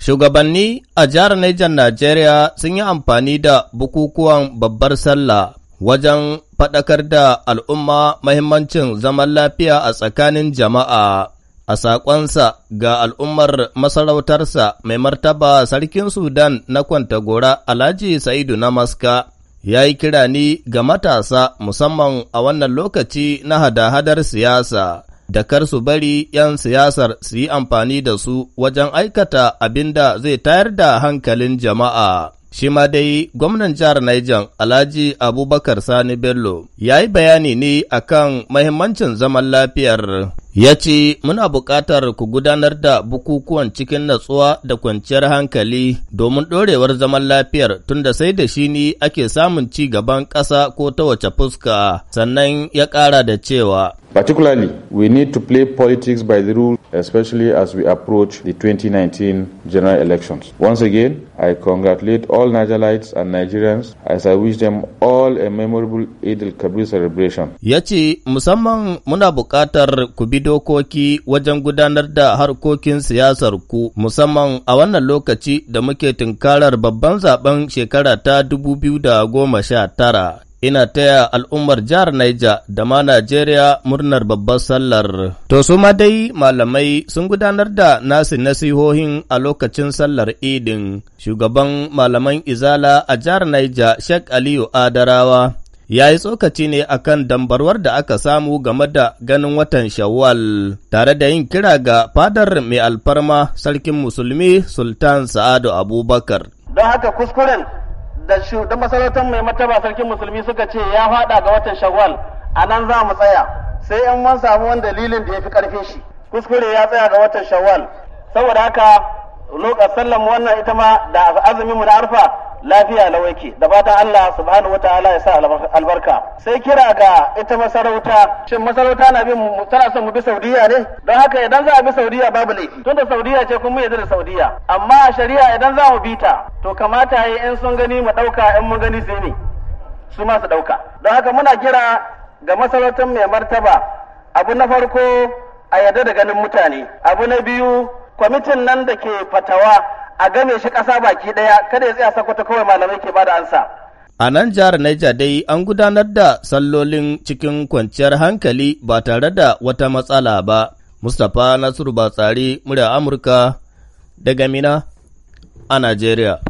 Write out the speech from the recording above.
Shugabanni a jihar Nijar Najeriya sun yi amfani da bukukuwan babbar sallah wajen faɗakar da al'umma mahimmancin zaman lafiya a tsakanin jama'a. A saƙonsa ga al'ummar masarautarsa mai martaba sarkin Sudan na Kwantagora Alhaji Sa'idu na Maska ya yi kira ni ga matasa musamman a wannan lokaci na hada-hadar siyasa. da kar su bari 'yan siyasar su yi amfani da su wajen aikata abin da zai tayar da hankalin jama'a. Shi ma dai gwamnan jihar Niger Alhaji Abubakar Sani Bello ya yi bayani ne kan mahimmancin zaman lafiyar. Ya ce, Muna buƙatar ku gudanar da bukukuwan cikin natsuwa da kwanciyar hankali domin ɗorewar zaman lafiyar tunda sai da shi ne ake samun ci gaban ƙasa ko ta wace fuska, sannan ya ƙara da cewa Particularly, we need to play politics by the rules, especially as we approach the 2019 general elections. Once again, I congratulate all Nigerites and Nigerians as I wish them all a memorable Eid al-Kabir celebration. Ya ce, musamman muna buƙatar ku bi dokoki wajen gudanar da harkokin siyasar ku, musamman a wannan lokaci da muke tunkarar babban zaben shekara ta 2019. ina taya al'ummar jihar Niger da ma Najeriya murnar babbar sallar. To su ma dai malamai sun gudanar da nasu nasihohin a lokacin sallar idin. Shugaban malaman Izala a jihar Niger Sheikh Aliyu Adarawa ya yi tsokaci ne akan dambarwar da aka samu game da ganin watan Shawwal tare da yin kira ga fadar mai alfarma sarkin musulmi Sultan Sa'adu Abubakar. Don haka kuskuren da shugaban masarautar mai mataba sarkin musulmi suka ce ya fada ga watan shawwal a nan za mu tsaya sai in mun samu wani dalilin da ya fi karfe shi kuskure ya tsaya ga watan shawwal saboda haka lokacin sallan wannan ita ma da azumin mu na arfa lafiya lawaki da fatan Allah subhanahu wataala ya sa albarka sai kira ga ita masarauta shin masarauta na bin tana son mu bi Saudiya ne don haka idan za a bi Saudiya babu laifi tunda Saudiya ce kuma yadda da Saudiya amma a shari'a idan za mu bi ta to kamata yi in sun gani mu ɗauka in mun gani sai ne su masu ɗauka don haka muna kira ga masarautar mai martaba abu na farko a yarda da ganin mutane abu na biyu kwamitin nan da ke fatawa a game shi ƙasa baki ɗaya kada ya tsaya sakwata kawai malamai ke bada ansa A nan jihar Niger dai an gudanar da sallolin cikin kwanciyar hankali ba tare da wata matsala ba. Mustapha Nasiru Batsari, murya Amurka, daga Mina a Najeriya.